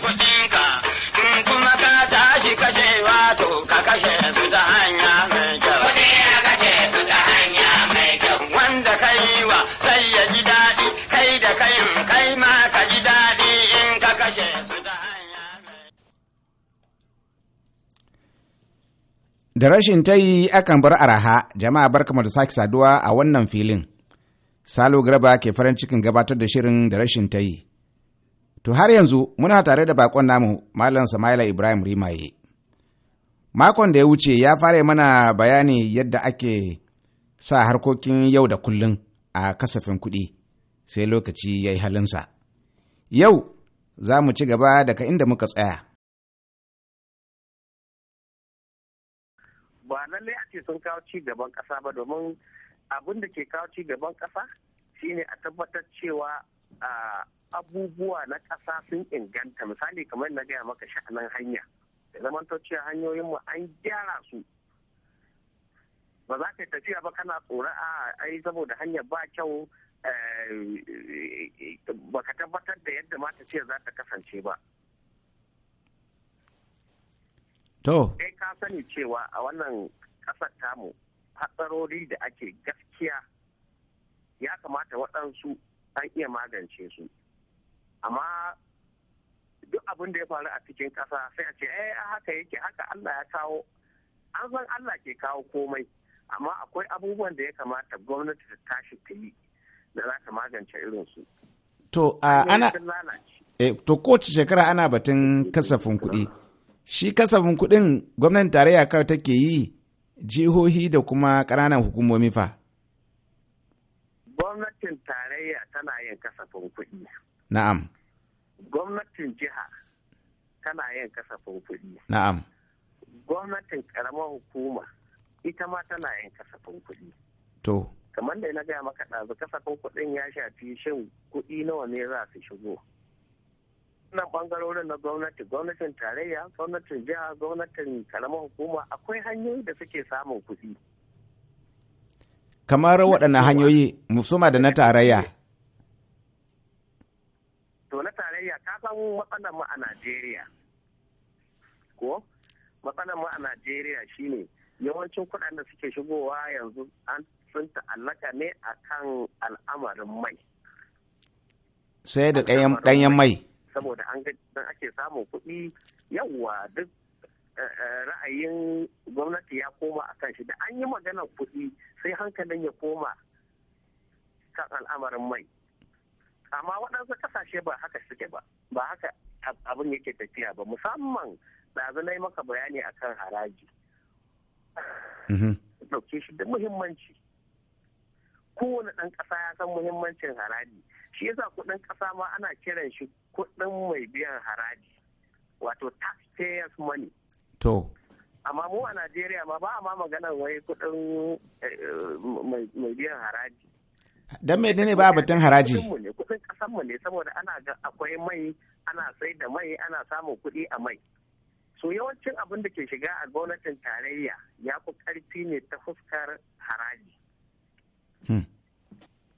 sami in kuma ka tashi kashe wato ka kashe su ta hanya mai kyau. su ta hanya mai kyau. Wanda ka yi wa sai ya ji daɗi kai da kayin kai ma ka ji daɗi in ka kashe su ta hanya mai Da rashin tayi akan bar araha jama'a barkama da sake saduwa a wannan filin. Salo Garba ke farin cikin gabatar da shirin da rashin tayi. To har yanzu muna tare da bakon namu Malam Samaila Ibrahim Rimaye. Makon da ya wuce ya fara mana bayani yadda ake sa harkokin yau da kullun a kasafin kuɗi sai lokaci ya yi halinsa. Yau za mu ci gaba daga inda muka tsaya. Ba lallai ake sun kawo ci gaban ƙasa ba domin abin da ke kawo ci gaban ƙasa shine a tabbatar cewa abubuwa na ƙasa sun inganta misali kamar na gaya maka sha'anin hanya da zamanto cewa mu an gyara su ba za ka tafiya ba kana tsoro a ah, ai saboda hanyar ba kyau eh, ba ka tabbatar da yadda ma tafiyar za ta kasance ba to kai ka sani cewa a wannan ƙasar tamu hatsarori da ake gaskiya ya kamata waɗansu an iya magance su amma duk abin da ya faru a cikin ƙasa sai a ce eh haka yake haka Allah ya kawo an san Allah ke kawo komai amma akwai abubuwan da ya kamata gwamnati ta tashi ta yi da za ta magance irin su to ana eh, to kowace shekara ana batun kasafin kuɗi shi kasafin kuɗin gwamnatin tarayya kawai take yi jihohi da kuma ƙananan hukumomi fa gwamnatin tarayya tana yin kasafin kuɗi Na'am. Gwamnatin jiha tana yin kasafin kuɗi. Na'am. Gwamnatin karamar hukuma ita ma tana yin kasafin kuɗi. To. Kamar da na gaya maka ɗazu kasafin kuɗin ya shafi shin kuɗi nawa ne za su shigo. Wannan ɓangarorin na gwamnati, gwamnatin tarayya, gwamnatin jiha, gwamnatin karamar hukuma akwai hanyoyi da suke samun kuɗi. Kamar waɗanne hanyoyi, musuma da na tarayya. san matsalar mu a Najeriya. Ko? Matsalar mu a Najeriya shine yawancin kuɗaɗen da suke shigowa yanzu an sun ta'allaka ne a kan al'amarin mai. Sai da ɗanyen mai. Saboda an dan ake samun kuɗi yawa duk eh, eh, ra'ayin gwamnati ya koma a kan shi da an yi maganar kuɗi sai hankalin ya koma kan al'amarin mai. amma waɗansu ƙasashe ba haka suke ba ba haka abin yake tafiya ba musamman ɗazu na yi maka bayani akan haraji mm-hmm. ɗauke shi da muhimmanci kowane ɗan ƙasa ya san muhimmancin haraji shi yasa kuɗin ƙasa ma ana kiran shi kuɗin mai biyan haraji wato taxpayers money to amma mu a najeriya ma ba a ma maganar wai kuɗin eh, eh, mai biyan haraji don mai menene ba batun haraji? Kudin kasanmu ne saboda ana ga akwai mai ana sai da mai ana samun kuɗi a mai. So yawancin abin da ke shiga a gwamnatin tarayya ya fi ƙarfi ne ta fuskar haraji. Hmm.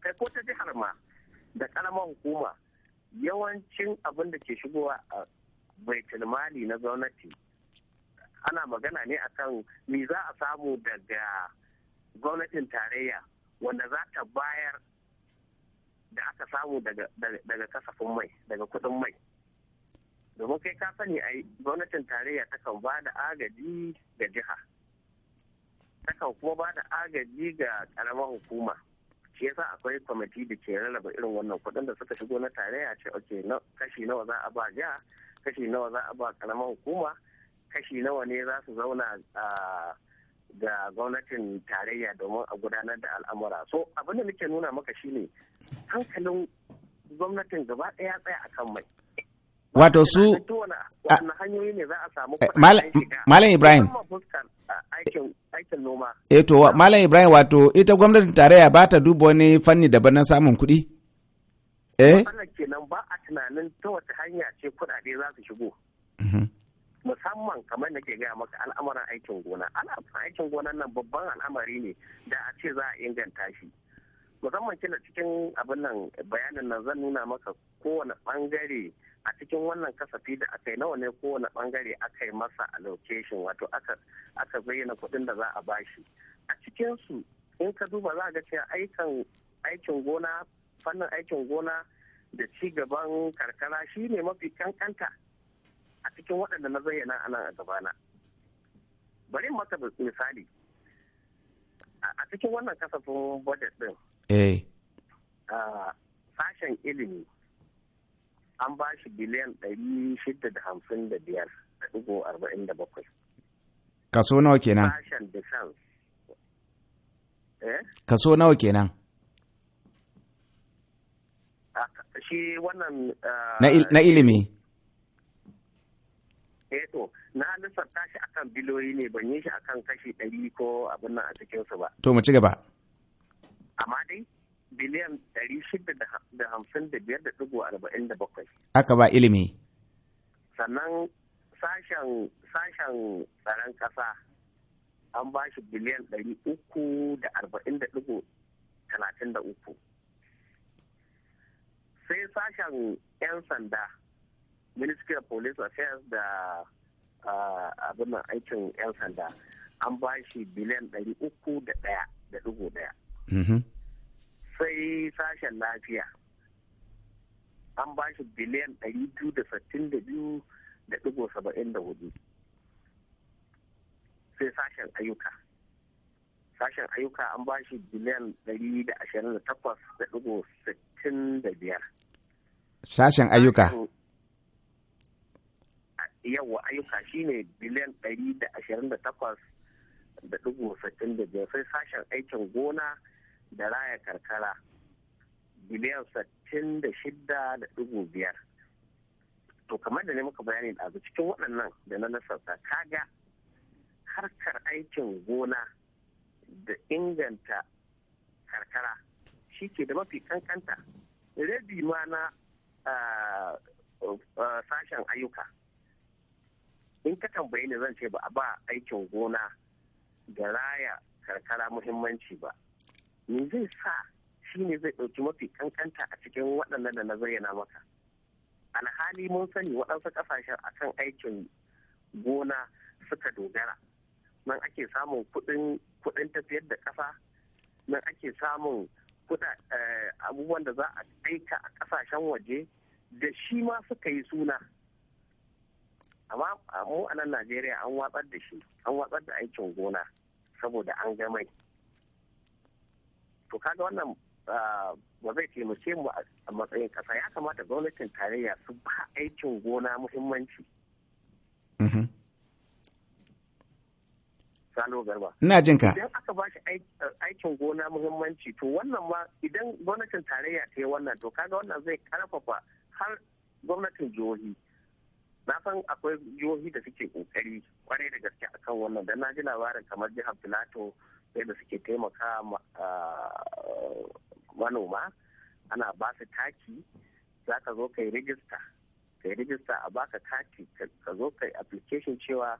Kai ko ta jihar ma da kalaman hukuma yawancin abin da ke shigowa a mali na gwamnati ana magana ne akan me za a samu daga gwamnatin tarayya wanda za ta bayar da aka samu daga kasafin mai daga kudin mai domin kai ka sani a gwamnatin tarayya takan ba da agaji ga jiha takan kuma ba da agaji ga karamar hukuma shi yasa akwai kwamiti da ke rarraba irin wannan kudin da suka shigo na tarayya ce ok kashi nawa za a ba jiha kashi nawa za a ba karamar hukuma kashi nawa ne za su zauna a ah, ga gwamnatin tarayya domin a gudanar da al'amura so abin da nake nuna maka shine hankalin gwamnatin gaba ɗaya tsaya akan mai wato su malam ibrahim eh malam ibrahim wato ita gwamnatin tarayya ba ta duba wani fanni daban na samun kuɗi eh kenan ba a tunanin ta wata hanya ce kuɗaɗe za su shigo mhm. musamman kamar da ke gaya maka al'amuran aikin gona al'amuran aikin gonan nan babban al'amari ne da a ce za a inganta shi musamman kila cikin abin nan bayanin nan zan nuna maka kowane bangare a cikin wannan kasafi da aka yi nawa ne kowane bangare aka yi masa location wato aka bayyana kuɗin da za a bashi a cikin su in ka duba za ga cewa aikin aikin gona fannin aikin gona da ci gaban karkara shi ne mafi kankanta a cikin waɗanda na zayyana a nan a gabana bari maka misali a cikin wannan kasafin budget din eh sashen ilimi an ba shi biliyan ɗari shida da hamsin da biyar da ɗigo arba'in da bakwai kaso nawa kenan sashen defense eh? kaso nawa kenan na ilimi eh to na lissafta shi akan biloyi ne ban yi shi akan kashi ɗari ko abin nan a cikin su ba to mu ci gaba amma dai biliyan ɗari shida da hamsin da biyar da ɗigo arba'in da bakwai aka ba ilimi sannan sashen sashen tsaron ƙasa an ba shi biliyan ɗari uku da arba'in da ɗigo talatin da uku sai sashen 'yan sanda ministry of police affairs da abin aikin 'yan sanda an ba shi biliyan ɗari uku da ɗaya da ɗigo ɗaya mm-hmm. sai sashen lafiya an ba shi biliyan ɗari biyu da sittin da biyu da ɗigo saba'in da hudu sai sashen ayyuka sashen ayyuka an ba shi biliyan ɗari da ashirin da takwas da ɗigo sittin da biyar sashen ayyuka yawa ayyuka shine biliyan ɗari da ashirin da takwas da ɗigo sittin da biyar sai sashen aikin gona da raya karkara biliyan sittin da shida da ɗigo biyar to kamar da ne muka bayani da abu cikin waɗannan da na nasarta kaga harkar aikin gona da inganta karkara shi ke da mafi kankanta rabi ma na ah, ah, sashen ayyuka in ka tambaye ni zan ce ba a ba aikin gona da raya karkara muhimmanci ba me zai sa shi ne zai ɗauki mafi kankanta a cikin waɗannan da na zayyana maka alhali mun sani waɗansu ƙasashen akan aikin gona suka dogara nan ake samun kuɗin tafiyar da ƙasa nan ake samun eh, abubuwan da za a aika a ƙasashen waje da shi ma suka yi suna amma mu a nan najeriya an watsar da shi an watsar da aikin gona saboda an ga mai to kaga wannan ba zai taimake mu a matsayin kasa ya kamata gwamnatin tarayya su ba aikin gona muhimmanci mm-hmm. Salo Garba. Ina jin ka. Idan aka ba shi aikin gona muhimmanci to wannan ma idan gwamnatin tarayya ta yi wannan to kaga wannan zai karfafa har gwamnatin jihohi na san akwai jihohi da suke kokari kwarai da gaske akan wannan dan na ji labarin kamar jihar filato yadda suke taimaka manoma ana ba su taki za ka zo kai rijista kai rijista a baka kati ka zo kai application cewa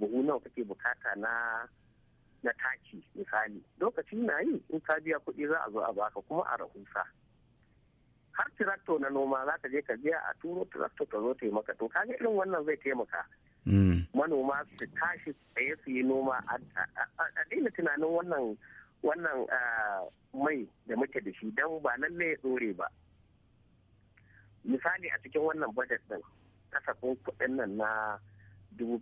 buhu nawa kake bukata na na taki misali lokacin na yi in ka biya kuɗi za a zo a baka kuma a rahusa har tirakto na noma za ka je ka biya a turo tirato ka zo ta yi maka to kaga irin wannan zai taimaka mm. manoma su tashi tsaye su yi noma a daina tunanin wannan wannan mai da muke da shi don ba lallai ya dore ba misali a cikin wannan budget din kasafin kuɗin nan na dubu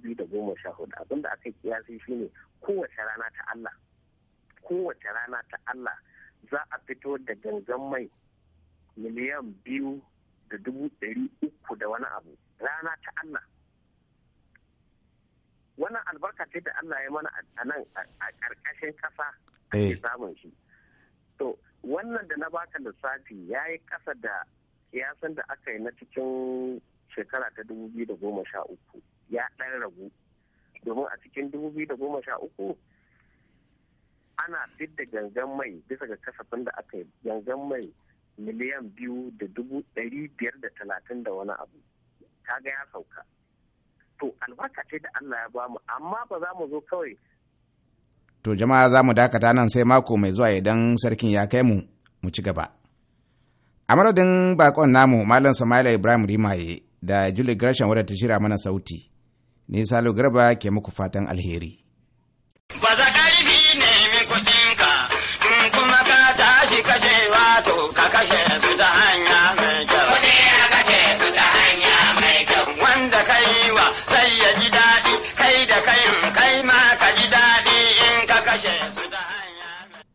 sha hudu abinda aka yi kiyasi shine kowace rana ta Allah kowace rana ta Allah za a fito da gangan mai miliyan biyu da dubu ɗari uku da wani abu rana ta Allah wannan albarka ce da Allah ya mana a nan a ƙarƙashin ƙasa ke eh. samun shi to wannan da na baka lissafi ya yi ƙasa da kiyasan da aka yi na cikin shekara ta dubu biyu da goma sha uku ya ɗan ragu domin a cikin dubu biyu da goma sha uku ana fidda gangan mai bisa ga kasafin da aka yi gangan mai miliyan biyu da dubu ɗari biyar da talatin da wani abu kaga ya sauka to albarka ce da Allah ya bamu amma ba za mu zo kawai to jama'a za mu dakata nan sai mako mai zuwa idan sarkin ya kai mu mu ci gaba a madadin bakon namu malam samaila ibrahim rimaye da julie gresham wadda ta shira mana sauti ne salo garba ke muku fatan alheri kashe kashewa to ka kashe su ta hanya mai kyau.